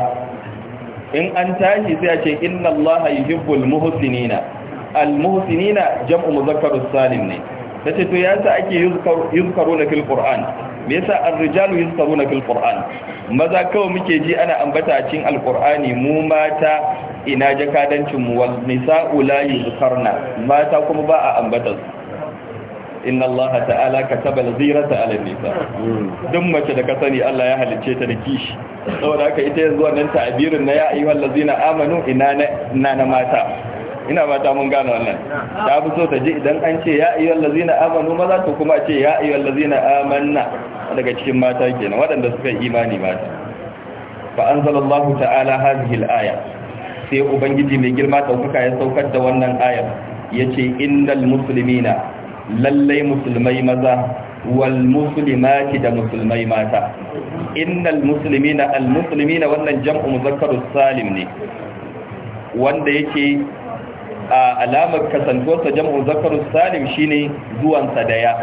in an tashi sai a ce inna allaha yuhibbul muhsinina al muhsinina jam'u muzakkarus salim ne tace to ya sa ake yuzkaru yuzkaruna fil qur'an me yasa ar-rijalu yuzkaruna fil qur'an maza kawai muke ji ana ambata a cikin alqur'ani mu mata ina jakadancin mu wal nisa'u la yuzkarna mata kuma ba a ambata su inna Allah ta'ala kataba al-zirata ala nisa duk mace da ka sani Allah ya halicce ta da kishi saboda haka ita yanzu wannan ta'abirin na ya ayyuhal ladzina amanu ina na mata ina mata mun gano wannan ta fi so ta ji idan an ce ya ayyuhal ladzina amanu maza to kuma ce ya ayyuhal ladzina amanna daga cikin mata kenan waɗanda suka imani mata fa anzalallahu ta'ala hadhihi al-aya sai ubangiji mai girma ɗaukaka ya saukar da wannan ayar yace innal muslimina lallai musulmai maza wal muslimati da musulmai mata innal muslimina al muslimina wannan jam'u muzakkarus salim ne wanda yake a alamar kasantuwarsa jam'u muzakkarus salim shine zuwansa daya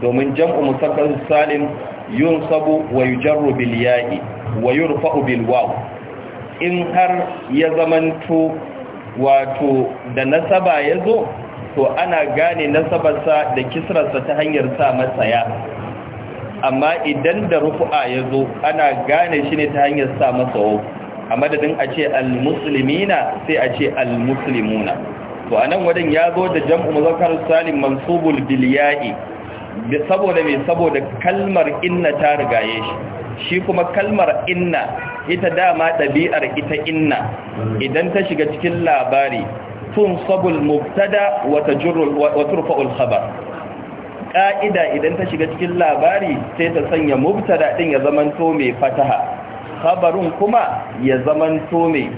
domin jam'u musakkar salim yun sabu wa yi jarro biliyayi wa yi rufa'u in har ya zamanto wato da nasaba ya zo to ana gane nasabarsa da kisrarsa ta hanyar sa masaya amma idan da rufu'a ya zo ana gane shi ne ta hanyar sa masa a madadin a ce al-musulmina sai a ce al-musulmuna to anan wadan ya zo da jam'u muzakkar salim mansubul biliyayi saboda mai saboda kalmar inna ta rigaye shi shi kuma kalmar inna ita dama ɗabi'ar ita inna idan ta shiga cikin labari tun sabul mubtada wata turfa'ul khabar ƙa'ida idan ta shiga cikin labari sai ta sanya mubtada ɗin ya zamanto mai fataha khabarun kuma ya zamanto mai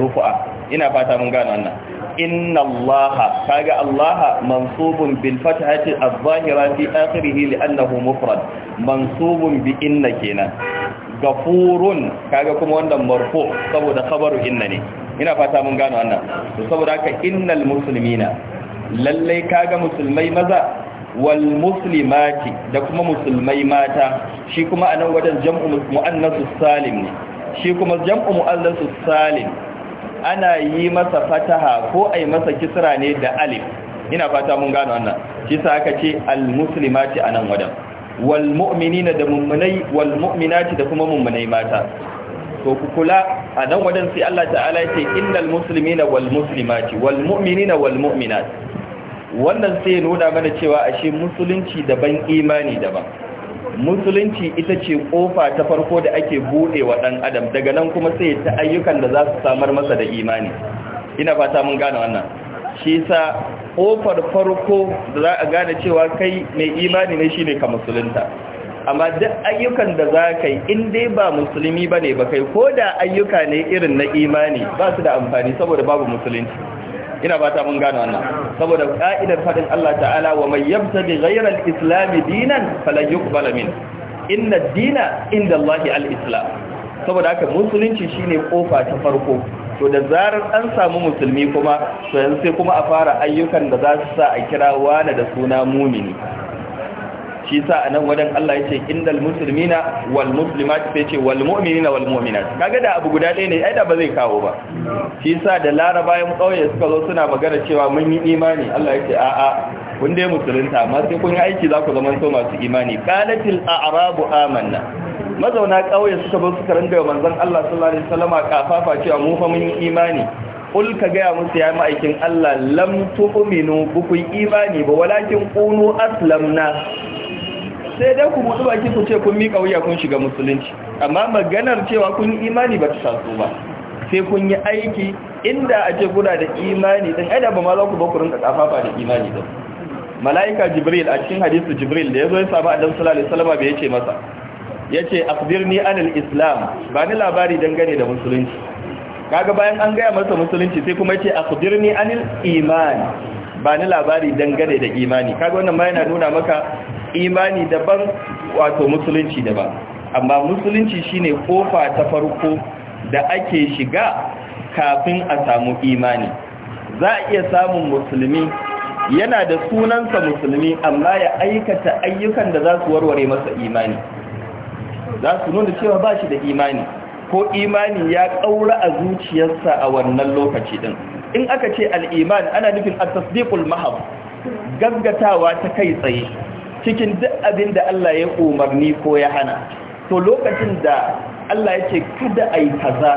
rufu'a ina fata mun gano wannan inna allaha kaga allaha mansubun bil fathati adh-dhahira fi akhirih Annahu mufrad mansubun bi inna kenan gafurun kaga kuma wannan marfu saboda khabaru inna ne ina fata mun gano wannan to saboda haka innal muslimina lalle kaga musulmai maza wal muslimati da kuma musulmai mata shi kuma anan wajen jam'u muannasus salim ne shi kuma jam'u muannasus salim ana yi masa fataha ko a yi masa kisra ne da alif ina fata mun gano wannan shi sa aka ce almuslimati a nan wadan wal mu'minina da mummunai wal mu'minati da kuma mummunai mata to ku kula a nan wadan sai Allah ta'ala ya ce innal muslimina wal muslimati wal mu'minina wal mu'minat wannan sai ya nuna mana cewa ashe musulunci daban imani daban musulunci ita ce kofa ta farko da ake buɗe wa ɗan adam daga nan kuma sai ta ayyukan da za su samar masa da imani ina fata mun gane wannan shi sa kofar farko da za a gane cewa kai mai imani ne shine ka musulunta amma duk ayyukan da za ka yi in dai ba musulmi ba ne ba kai ko da ayyuka ne irin na imani ba su da amfani saboda babu musulunci ina ba ta mun gano wannan saboda ka'idar fadin Allah ta'ala wa may yabtaghi ghayra al-islam dinan falan yuqbal min inna ad-dina inda Allah al-islam saboda haka musulunci shine kofa ta farko to da zarar an samu musulmi kuma to yanzu sai kuma a fara ayyukan da za su sa a kira wani da suna mumini shi sa a nan wajen Allah ya ce indal musulmina wal muslimat sai ce wal mu'minina wal mu'minat kaga da abu guda ɗaya ne ai da ba zai kawo ba shi sa da larabayan ƙauye suka zo suna magana cewa mun yi imani Allah ya ce a'a kun dai musulunta amma sai kun yi aiki za ku zama so masu imani qalatil a'rabu amanna mazauna kauye suka zo suka ranga manzon Allah sallallahu alaihi wasallama kafafa cewa mu fa mun yi imani kul ka gaya musu ya ma'aikin Allah lam tu'minu bukun imani ba walakin qulu aslamna sai dai ku mutu baki ku ce kun miƙa wuya kun shiga musulunci amma maganar cewa kun yi imani ba ta taso ba sai kun yi aiki inda a ce kuna da imani ɗin ai da ba ma za ku ba ku rinka kafafa da imani ba. malaika jibril a cikin hadisu jibril da zo ya samu annabi sallallahu alaihi wasallam bai ce masa Ya yace ni anil islam ba ni labari dangane da musulunci kaga bayan an gaya masa musulunci sai kuma ya ce akbir ni anil imani. ba ni labari dangane da imani kaga wannan ma yana nuna maka imani daban wato musulunci daban amma musulunci shine kofa ta farko da ake shiga kafin a samu imani za a iya samun musulmi yana da sunansa musulmi amma ya aikata ayyukan da za su warware masa imani za su nuna cewa ba shi da imani ko imani ya ƙaura a zuciyarsa a wannan lokaci ɗin in aka ce al'iman ana nufin a tasdiqul mahab gaggatawa ta kai tsaye cikin duk abin da Allah ya umarni ko ya hana to lokacin da Allah ya ce kada a yi kaza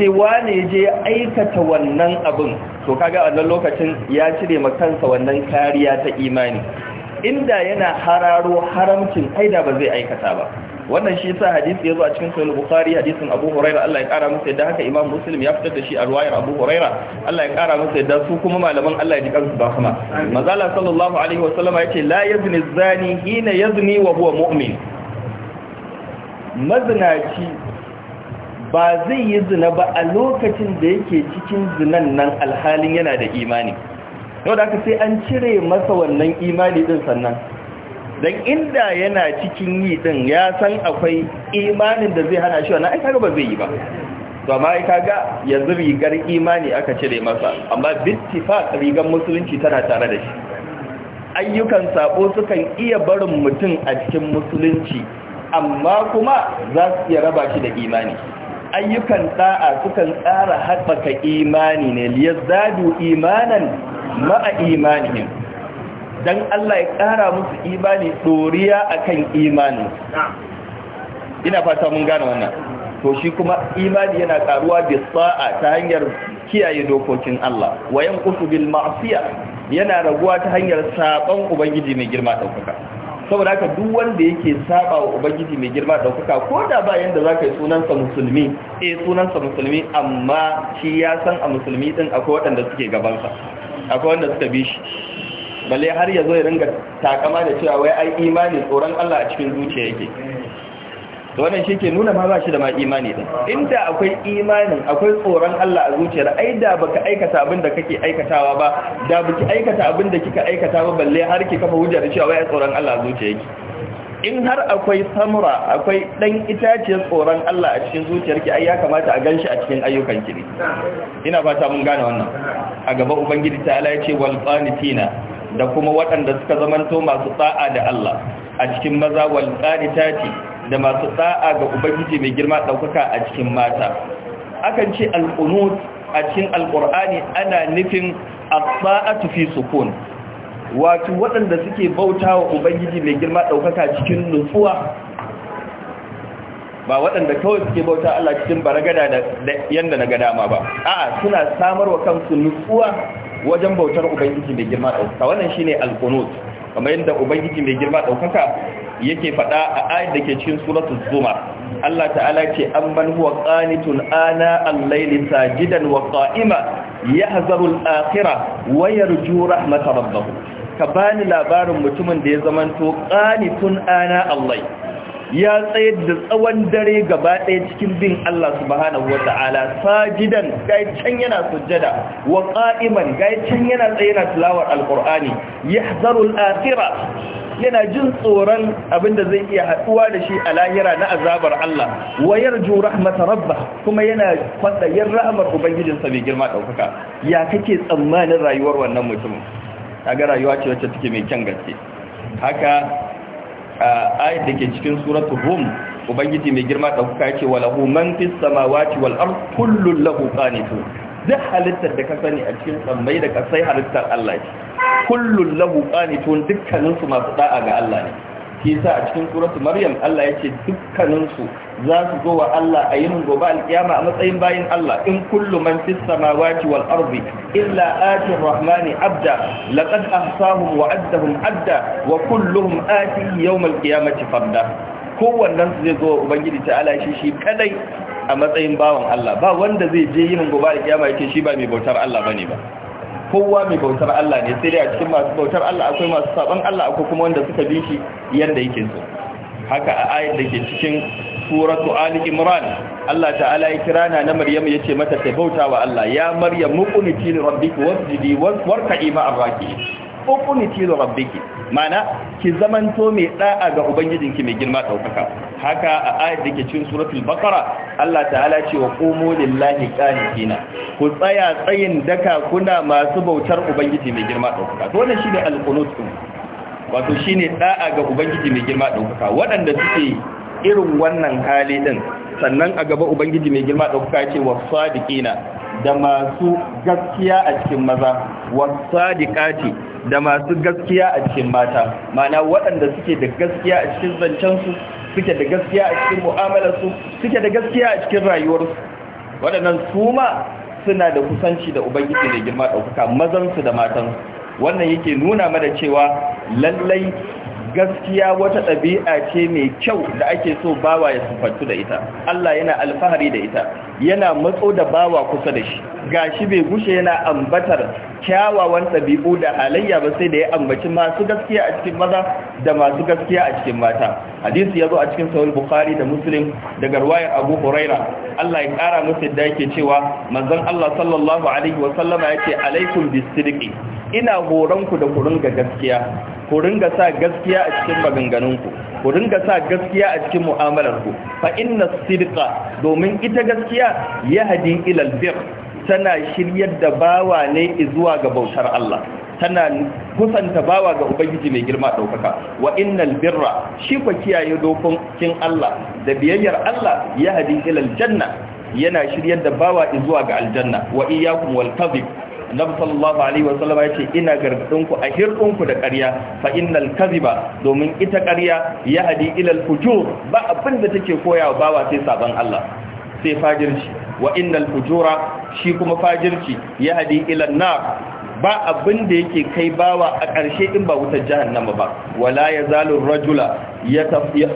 sai wane je aikata wannan abin to kaga wannan lokacin ya cire makansa wannan kariya ta imani inda yana hararo haramcin aida ba zai aikata ba wannan shi yasa hadisi yazo a cikin sahih bukhari hadisin abu huraira Allah ya kara masa yadda haka imam muslim ya fitar da shi a ruwayar abu huraira Allah ya kara masa yadda su kuma malaman Allah ya ji kansu ba kuma manzo Allah sallallahu alaihi wa sallama yace la yazni zani hina yazni wa huwa mu'min mazinaci ba zai yi zina ba a lokacin da yake cikin zinan nan alhalin yana da imani yau da aka sai an cire masa wannan imani din sannan don inda yana cikin yi din ya san akwai imanin da zai hana shi wannan ai kaga ba zai yi ba to amma ai kaga yanzu rigar imani aka cire masa amma bintifa rigar musulunci tana tare da shi ayyukan sabo sukan iya barin mutum a cikin musulunci amma kuma za su iya raba shi da imani ayyukan da'a sukan tsara haɓaka imani ne liyar zadu imanan ma'a imanihim don Allah ya ƙara musu imani ɗoriya a kan imani ina fata mun gane wannan to shi kuma imani yana ƙaruwa da sa'a ta hanyar kiyaye dokokin Allah wayan kusu bil ma'asiya yana raguwa ta hanyar saban ubangiji mai girma ɗaukaka saboda haka duk wanda yake saba wa ubangiji mai girma ɗaukaka ko da ba yanda za ka yi sunansa musulmi eh sunansa musulmi amma shi ya san a musulmi ɗin akwai waɗanda suke gabansa akwai wanda suka bi shi balle har ya zo ya ringa takama da cewa wai ai imani tsoron Allah a cikin zuciya yake to wannan shi ke nuna ma ba shi da ma imani din inda akwai imani akwai tsoron Allah a zuciyar ai da baka aikata abin da kake aikatawa ba da baki aikata abin da kika aikata ba balle har ki kafa hujja da cewa wai tsoron Allah a zuciya yake in har akwai samura akwai dan itace tsoron Allah a cikin zuciyarki ai ya kamata a ganshi a cikin ayyukan ki ina fata mun gane wannan a gaba ubangiji ta ala ya ce wal qanitina da kuma waɗanda suka zamanto masu tsa'a da Allah a cikin maza wal qanitati da masu tsa'a ga ubangiji mai girma ɗaukaka a cikin mata akan ce al-qunut a cikin alqur'ani ana nufin as-sa'atu fi sukun wato waɗanda suke bautawa ubangiji mai girma ɗaukaka cikin nutsuwa ba waɗanda kawai suke bauta Allah cikin baragada da yanda na ga dama ba a'a suna samarwa kansu nutsuwa wajen bautar ubangiji mai girma ɗaukaka wannan shine al-qunut kamar yadda ubangiji mai girma ɗaukaka yake faɗa a ayat da ke cikin suratul Zuma. Allah ta'ala ce an huwa qanitun ana al-layli sajidan wa qa'ima yahzaru al-akhirah wa yarju rahmat ka bani labarin mutumin da ya zamanto qanitun ana al-layl ya tsayar da tsawon dare gaba ɗaya cikin bin Allah subhanahu wa ta'ala sajidan gai can yana sujjada wa ƙa'iman gai can yana tsaye na tilawar alƙur'ani ya al yana jin tsoron abinda zai iya haɗuwa da shi a lahira na azabar Allah Wayar yarju rahmat rabba, kuma yana kwadayin rahmar ubangijinsa mai girma ɗaukaka. ya kake tsammanin rayuwar wannan mutum ga rayuwa ce wacce take mai kyan gaske haka ayat da ke cikin suratul rum ubangiji mai girma da kuka ce Walahu, man fis samawati wal ard kullu lahu qanitu duk halittar da ka sani a cikin tsammai da ka sai halittar Allah ce kullun lahu qanitu dukkanin su masu da'a ga Allah ne kisa a cikin suratul maryam Allah yace ce dukkanin su za su zo wa Allah a yin gobe alkiyama a matsayin bayan Allah in kullu man fi samawati wal ardi illa ati rahmani abda laqad ahsahum wa addahum adda wa kulluhum ati yawm alqiyamati Ko kowannen su zai zo wa ubangiji ala shi shi kadai a matsayin bawan Allah ba wanda zai je yin gobe alkiyama yake shi ba mai bautar Allah bane ba kowa mai bautar Allah ne sai dai a cikin masu bautar Allah akwai masu saban Allah akwai kuma wanda suka bi shi yanda yake so haka a ayar da ke cikin suratu ali imran Allah ta'ala ya kira na na maryam ce mata ta bauta wa Allah ya maryam muqniti li rabbiki wasjudi warka'i ma'ar raki'in muqniti li rabbiki mana ki zamanto mai da'a ga ubangijinki mai girma daukaka haka a ayat da ke cikin suratul baqara Allah ta'ala ce wa qumu lillahi qanitina ku tsaya tsayin daka kuna masu bautar ubangiji mai girma daukaka to wannan shine al-qunut wato shine da'a ga ubangiji mai girma daukaka waɗanda suke irin wannan hali din sannan a gaba ubangiji mai girma ɗauka ce wa sadiqina da masu gaskiya a cikin maza wa sadiqati da masu gaskiya a cikin mata mana waɗanda suke da gaskiya a cikin zancensu suke da gaskiya a cikin mu'amalarsu suke da gaskiya a cikin rayuwarsu waɗannan su ma suna da kusanci da ubangiji mai girma ɗauka mazansu da matansu wannan yake nuna mana cewa lallai gaskiya wata ɗabi'a ce mai kyau da ake so bawa ya sufantu da ita Allah yana alfahari da ita yana matso da bawa kusa da shi ga shi bai gushe yana ambatar kyawawan ɗabi'u da halayya ba sai da ya ambaci masu gaskiya a cikin maza da masu gaskiya a cikin mata hadisi ya zo a cikin sahih bukhari da muslim daga riwayar abu huraira Allah ya kara musu da yake cewa manzon Allah sallallahu alaihi wa sallama yake alaikum bisidqi ina horon ku da ku ringa gaskiya ku ringa sa gaskiya gaskiya a cikin maganganunku ku ringa sa gaskiya a cikin mu'amalarku fa inna sidqa domin ita gaskiya yahdi ila albir tana shiryar da bawa ne zuwa ga bautar Allah tana kusanta bawa ga ubangiji mai girma daukaka wa innal birra shi fa kiyaye dokokin Allah da biyayyar Allah yahdi ila aljanna yana shiryar da bawa zuwa ga aljanna wa iyyakum wal kadhib annabi sallallahu alaihi wasallam ya ce ina gargadin ku a hirdin ku da ƙarya fa innal kadhiba domin ita ƙarya yahdi ila al fujur ba abin da take koyawa wa sai saban Allah sai fajirci wa innal fujura shi kuma fajirci yahdi ila an-nar ba abin da yake kai bawa a ƙarshe in ba wutar jahannama ba wala ya zalun rajula ya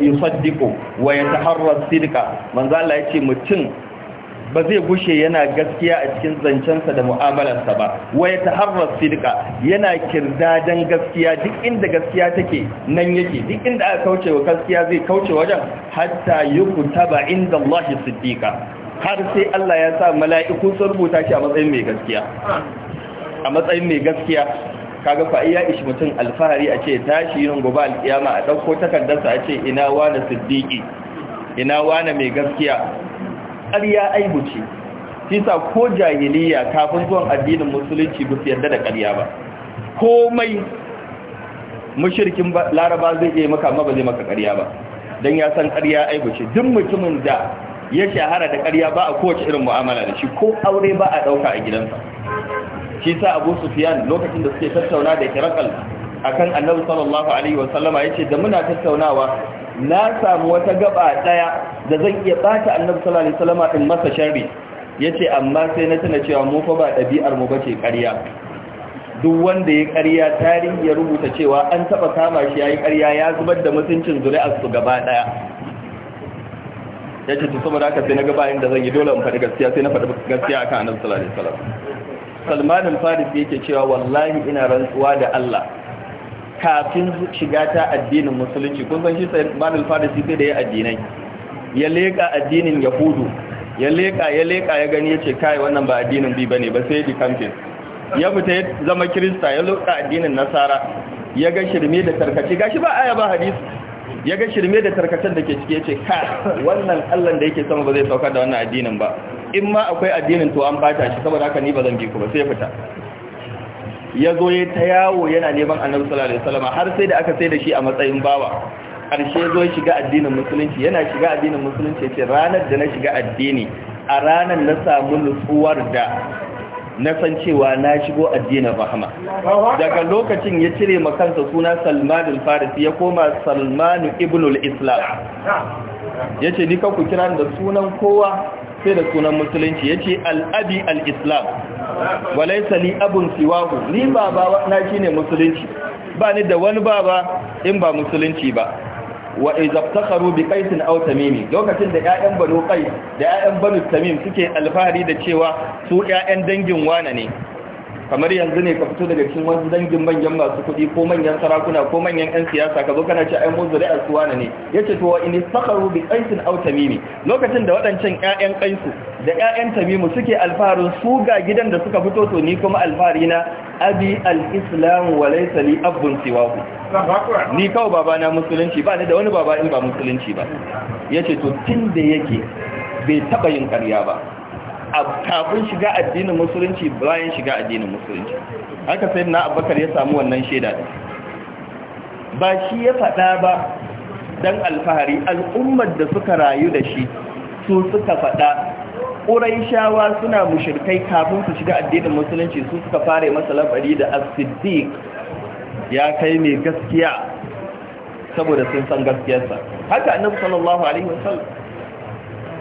yusaddiqu wa yataharra sidqa manzo Allah yace mutum ba zai gushe yana gaskiya a cikin zancensa da mu'amalarsa ba waya ta harrar sidika yana kirdadan gaskiya duk inda gaskiya take nan yake duk inda aka kauce wa gaskiya zai kauce wajen hatta yukutaba inda Allah siddika har sai Allah ya sa mala'iku sun rubuta shi a matsayin mai gaskiya a matsayin mai gaskiya kaga fa iya ishi mutum alfahari a ce tashi yin gobe alkiyama a ɗauko takardarsa a ce ina wani siddiqi ina wani mai gaskiya ƙarya aibu ce sa ko jahiliya kafin zuwan addinin musulunci ba su yarda da ƙarya ba komai mushirkin laraba zai iya maka amma ba zai maka ƙarya ba don ya san ƙarya aibu duk mutumin da ya shahara da ƙarya ba a kowace irin mu'amala da shi ko aure ba a ɗauka a gidansa shi sa abu sufiyan lokacin da suke tattauna da kirakal akan annabi sallallahu alaihi wasallama ya ce da muna tattaunawa na samu wata gaba daya da zan iya bata annabi sallallahu alaihi wasallam din masa sharri yace amma sai na tana cewa mu fa ba dabi'ar mu bace ƙarya duk wanda ya ƙarya tarihi ya rubuta cewa an taba kama shi yayi ƙarya ya zubar da mutuncin zuri'ar su gaba daya yace to saboda haka sai na gaba inda zan yi dole in faɗi gaskiya sai na faɗi gaskiya akan annabi sallallahu alaihi wasallam Salman al-Farisi yake cewa wallahi ina rantsuwa da Allah kafin shiga ta addinin musulunci kun san shi Salman al-Farisi sai da ya addinai ya leka addinin Yahudu ya leka ya leka ya gani yace kai wannan ba addinin bi bane ba sai ya kamfin ya fita ya zama Kirista ya leka addinin Nasara ya ga shirme da tarkace gashi ba aya ba hadisi ya ga shirme da tarkacen da ke cike yace ka wannan Allah da yake sama ba zai sauka da wannan addinin ba in ma akwai addinin to an bata shi saboda haka ni ba zan bi ku ba sai ya fita ya zo ya ta yawo yana neman annabi sallallahu alaihi wasallam har sai da aka sai da shi a matsayin bawa karshe zo ya shiga addinin musulunci yana shiga addinin musulunci ce ranar da na shiga addini a ranar na samu nutsuwar da na san cewa na shigo addinin rahama daga lokacin ya cire ma makansa suna salman farisi ya koma salman ibn al-islam ya ce ni ku kira da sunan kowa sai da sunan musulunci yace ce Al'abi al-islam walaysa abun siwahu ni ba na ne musulunci ba ni da wani baba in ba musulunci ba wa izabtakharu bi qaisin aw tamimi lokacin da ƴaƴan banu qais da ƴaƴan banu tamim suke alfahari da cewa su ƴaƴan dangin wana ne kamar yanzu ne ka fito daga cikin wasu dangin manyan masu kuɗi ko manyan sarakuna ko manyan 'yan siyasa ka zo kana ce ai mun zuri'ar suwana ne ya ce to wa in bi qaisin aw tamimi lokacin da waɗancan ya'yan kaisu da ya'yan tamimu suke alfaharin su ga gidan da suka fito to ni kuma alfahari na abi al-islam wa laysa li abun siwahu ni kawai babana musulunci ba ni da wani baba in ba musulunci ba yace to tun da yake bai taba yin ƙarya ba kafin shiga addinin musulunci bayan shiga addinin musulunci haka sai na abubakar ya samu wannan shaida ba shi ya faɗa ba don alfahari al'ummar da suka rayu da shi su suka faɗa ƙuraishawa suna mushirkai kafin su shiga addinin musulunci su suka fara masa labari da asidik, ya kai mai gaskiya saboda sun san gaskiyarsa haka annabi sallallahu alaihi wasallam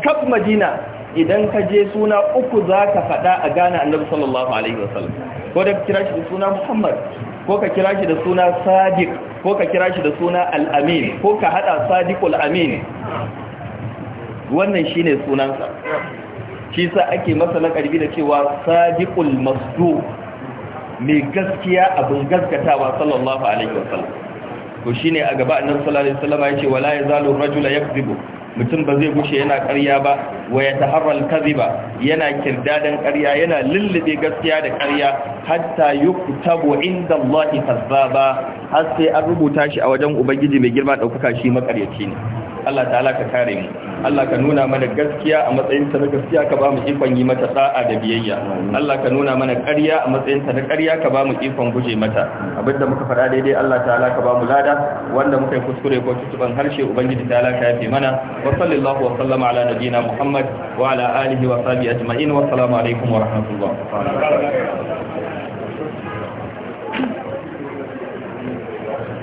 kaf madina idan ka je suna uku za ka faɗa a gane annabi sallallahu alaihi wasallam ko da kira shi da suna muhammad ko ka kira shi da suna sadiq ko ka kira shi da suna al'amin ko ka hada sadiqul amin wannan shine sunansa shi sa ake masa karbi da cewa sadiqul masdu mai gaskiya abin gaskatawa sallallahu alaihi wasallam to shine a gaba annabi sallallahu alaihi wasallam ya ce wala yazalu rajula yakzibu mutum ba zai gushe yana ƙarya ba wa ya taharral kaziba yana kirdadan ƙarya yana lullube gaskiya da ƙarya hatta yuktabu inda Allah kazzaba har sai an rubuta shi a wajen ubangiji mai girma ɗaukaka shi makaryaci ne Allah ta'ala ka kare mu Allah ka nuna mana gaskiya a matsayin ta na gaskiya ka ba mu ikon yi mata sa'a da biyayya Allah ka nuna mana ƙarya a matsayin ta na ƙarya ka ba mu ikon guje mata abinda muka faɗa daidai Allah ta'ala ka ba mu lada wanda muka yi kuskure ko tutuban harshe ubangiji ta'ala ka yafe mana wa sallallahu wa ala nabiyina Muhammad wa ala alihi wa sahbihi ajma'in wa assalamu alaikum wa rahmatullah